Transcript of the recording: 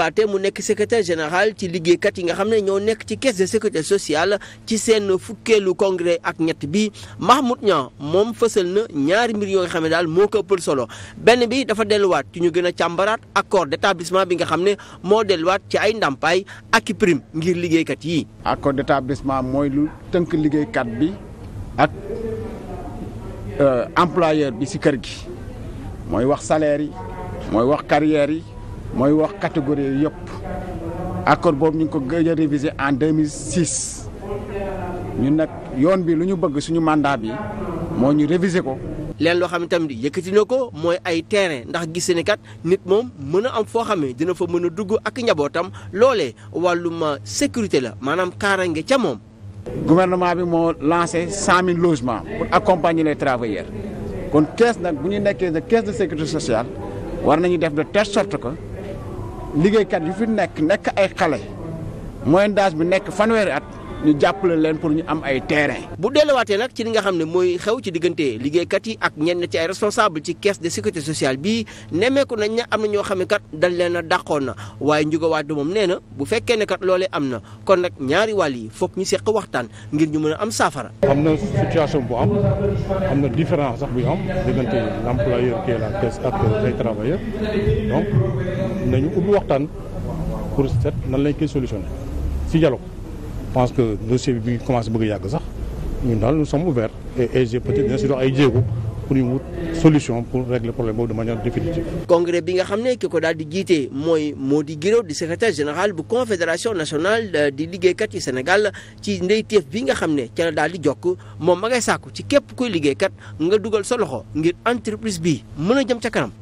Pathé mu nekk secretaire général ci liggéeykat yi nga xam ne ñoo nekk ci caisse de sécurité sociale ci seen fukkeelu congrès ak ñett bi Mahmoud Niang moom fësal na ñaari mbir yoo nga xam ne daal moo ko ëppal solo benn bi dafa delluwaat ci ñu gën a càmbaraat accord d'établissement bi nga xam ne moo delluwaat ci ay ndàmpaay ak i prime ngir liggéeykat yi. accord d'établissement mooy lu tënk liggéeykat bi ak euh, employeur bi ci kër gi mooy wax salaire mooy wax carrière yi. mooy wax catégorie yëpp accord boobu ñu ngi ko gëj a révisé en 2006 ñun nag yoon bi lu ñu bëgg suñu mandat bi moo ñu révisé ko. leen loo xam ne tamit yëkkati na ko mooy ay terrain ndax gis ni kat nit moom mën a am foo xam ne dina fa mën a dugg ak njabootam loole wàllum sécurité la maanaam kaaraange ca moom. gouvernement bi moo lancé cent mille logements pour accompagner les travailleurs kon caisse nag bu ñu nekkee ne caisse de sécurité sociale war nañu def de telle sorte que. liggéeykat yu fi nekk nekk ay xale moyenne d'âge bi nekk fanweeri at ñu jàppale leen pour ñu am ay terrain. bu delluwaatee nag ci li nga xam ne mooy xew ci diggante liggéeykat yi ak ñenn ci ay responsable ci caisse de sécurité sociale bii nemmeeku nañ ne am na ñoo xam ne kat dañ leen a dàqoon na waaye njugawaat moom nee na bu fekkee ne kat loolee am na kon nag ñaari wàll yi foog ñu seq waxtaan ngir ñu mën a am saafara. am na situation bu am am na différence sax bu am diggante l'employeur qui nañu ubbi waxtaan pour seet nan lañ koy solutionné si dialogue je pense que dossier bi bi commencé bëgg yàgg sax ñun daal nous sommes ouverts et SG peut-être dina si dox ay jéego pour ñu wut solution pour régler problème boobu de manière définitive. congrès bi nga xam ne ki daal di jiite mooy Mody Guiro di secrétaire général bu confédération national euh, di liggéeykat yi Sénégal ci ndeyteef bi nga xam ne ca daal di jokk moom ma ngay sàkku ci képp kuy liggéeykat nga dugal sa loxo ngir entreprise bi mën a jëm ca kanam.